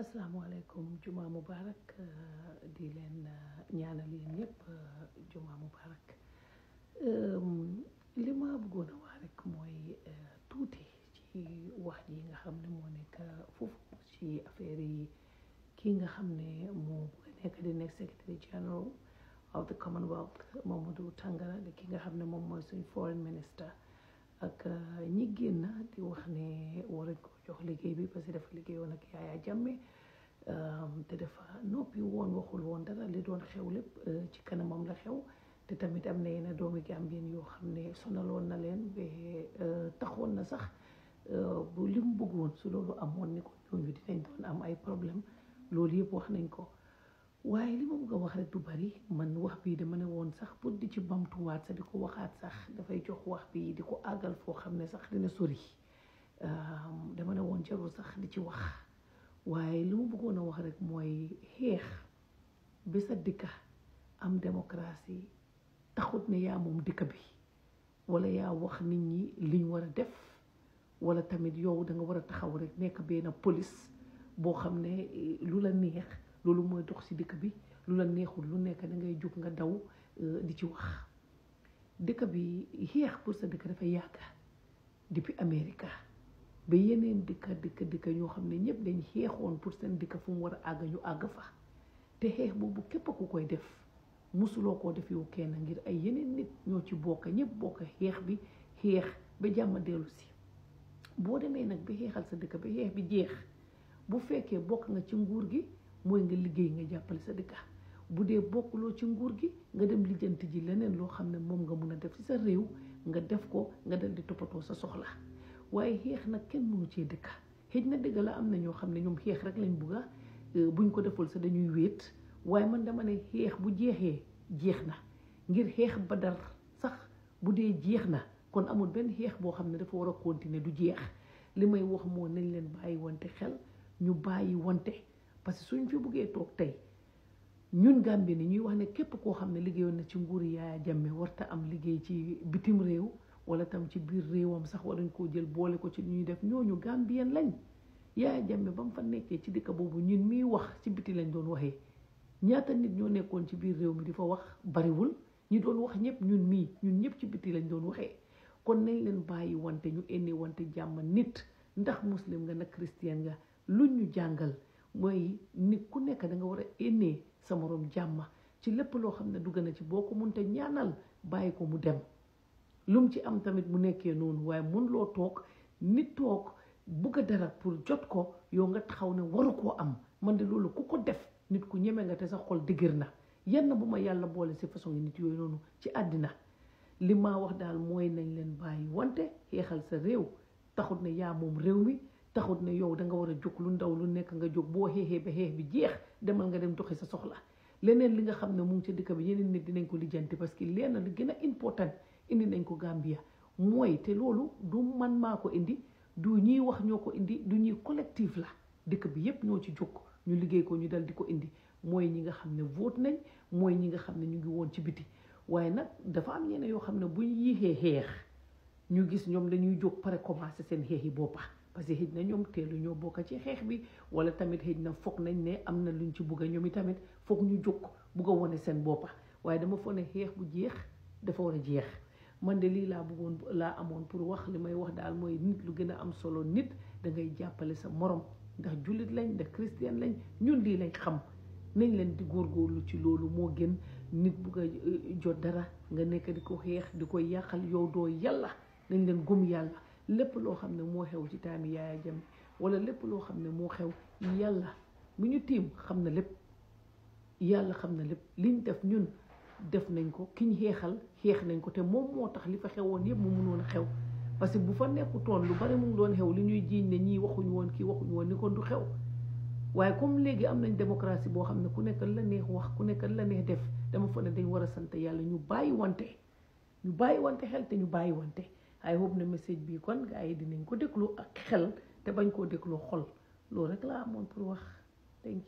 asalaamaaleykum juma mubarak eh, di leen eh, ñaanal yéen ñëpp eh, juma mubarak ehm, li ma bëggoon a wax mooy tuuti ci wax ji nga xam ne moo nekk foofu ci affaire yi kii nga xam ne moo bëgg nekk di nekk secretary ki nga xam ne moom mooy suñ foreign minister ak ñi génn di wax ne moo rek ko jox liggéey bi parce que dafa liggéeyoon ak Yaya Jammeh te dafa noppi woon waxul woon dara li doon xew lépp ci kanamam la xew te tamit am na yenn doomi Gambien yoo xam ne sonaloon na leen ba taxoon na sax bu li mu bëggoon su loolu amoon ni ko di dinañ doon am ay problème loolu yëpp wax nañ ko waaye li ma bëgg a wax rek du bari man wax bii dama ne woon sax pour di ci bamtuwaat sax di ko waxaat sax dafay jox wax bii di ko àggal foo xam ne sax dina sori Ehm, dama ne woon jarul sax di ci wax waaye li mu bëggoon a wax rek mooy xeex bi sa dëkka am démocratie taxut ne yaa moom dëkk bi wala yaa wax nit ñi liñ war a def wala tamit yow da nga war a taxaw rek nekk benn police boo xam ne eh, lu la neex loolu mooy dox ci dëkk bi lu la neexul lu nekk da ngay jóg nga daw eh, di ci wax dëkk bi xeex pour sa dëkk dafa yàgg depuis Amérique ba yeneen dikka dikka dikka ñoo xam ne ñëpp dañ xeexoon pour seen dikka fu mu war a àgg ñu àgg fa te xeex boobu képp a ku koy def musuloo koo def yow kenn ngir ay yeneen nit ñoo ci bokk ñëpp bokk xeex bi xeex ba jàmm dellu si boo demee nag ba xeexal sa dëkk ba xeex bi jeex bu fekkee bokk nga ci nguur gi mooy nga liggéey nga jàppale sa dëkk bu dee bokkuloo ci nguur gi nga dem lijjant ji leneen loo xam ne moom nga mun a def ci sa réew nga def ko nga dal di toppatoo sa soxla waaye xeex nag kenn mënu cee dëkk xëj na dëgg la am na ñoo xam ne ñoom xeex rek lañ bugga euh, buñ ko deful sa dañuy wéet waaye man dama ne xeex bu jeexee jeex na ngir xeex ba dar sax bu dee jeex na kon amul benn xeex boo xam ne dafa war a continuer du jeex li may wax moo nañ leen bàyyi wante xel ñu bàyyi wante parce que suñ fi buggee toog tey ñun gàmbi ni ñuy wax ne képp koo xam ne liggéeyoon na ci nguur Yaaya Jammeh warta am liggéey ci bitim réew wala tam ci biir réewam sax waruñ koo jël boole ko ci ñuy def ñooñu gambien lañ Yaya Jammeh ba mu fa nekkee ci dëkk boobu ñun miy wax ci biti lañ doon waxee ñaata nit ñoo nekkoon ci biir réew mi di fa wax bariwul ñi doon wax ñëpp ñun mii ñun ñëpp ci biti lañ doon waxee kon nañ leen bàyyi wante ñu ennee wante jàmm nit ndax muslim nga nag christian nga lu ñu jàngal mooy nit ku nekk da nga war a ennee sa moroom jàmm ci lépp loo xam ne dugg na ci boo ko munte ñaanal bàyyi ko mu dem lu mu ci am tamit mu nekkee noonu waaye mun loo toog nit toog bugg a dara pour jot ko yow nga taxaw ne waru koo am man de loolu ku ko def nit ku ñeme nga te sa xol dëgër na yan bu ma yàlla boole si façon yi nit yooyu noonu ci àddina li ma wax daal mooy nañ leen bàyyi wante xeexal sa réew taxut ne yaa moom réew mi taxut ne yow da nga war a jóg lu ndaw lu nekk nga jóg boo xeexee ba xeex bi jeex demal nga dem doxi sa soxla leneen li nga xam ne mu ngi ci dëkk bi yeneen nit dinañ ko lijjanti parce que lenn li gën a important indi nañ ko Gambia mooy te loolu du man maa ko indi du ñuy wax ñoo ko indi du ñuy collectif la dëkk bi yépp ñoo ci jóg ñu liggéey ko ñu dal di ko indi mooy ñi nga xam ne vote nañ mooy ñi nga xam ne ñu ngi woon ci biti waaye nag dafa am ñeneen yoo xam ne buñ yéexee xeex ñu gis ñoom lañuy jóg pare commencé seen xeex yi boppa parce que xëj na ñoom teelu ñoo bokk ci xeex bi wala tamit xëj na foog nañ ne am na lu luñ ci bugg a ñoom i tamit foog ñu jóg bugg a wane seen boppa waaye dama foog ne xeex jeex dafa war a jeex man de lii laa bëggoon laa amoon pour wax li may wax daal mooy nit lu gën a am solo nit da ngay jàppale sa morom ndax jullit lañ ndax chrétien lañ ñun lii lañ xam nañ leen di góor góorlu ci loolu moo gën nit bu ko eh, jot dara nga nekk di ko xeex di koy yàqal yow doo yàlla nañ leen gëm yàlla lépp loo xam ne moo xew ci taami yaaya jam wala lépp loo xam ne moo xew yàlla mu ñu tiim xam na lépp yàlla xam na lépp liñ def ñun def nañ ko ki ñu xeexal xeex nañ ko te moom moo tax li fa xewoon yëpp mu mënoon a xew parce que bu fa nekkutoon lu bari mu doon xew li ñuy jiiñ ne ñii waxuñu woon kii waxuñu woon ni kon du xew waaye comme léegi am nañ démocratie boo xam ne ku nekk la neex wax ku nekk la neex def dama fa ne dañ war a sant yàlla ñu bàyyi wante ñu bàyyi wante xel te ñu bàyyi wante ay hope na message bii kon gars yi dinañ ko déglu ak xel te bañ koo déglu xol loolu rek laa amoon pour wax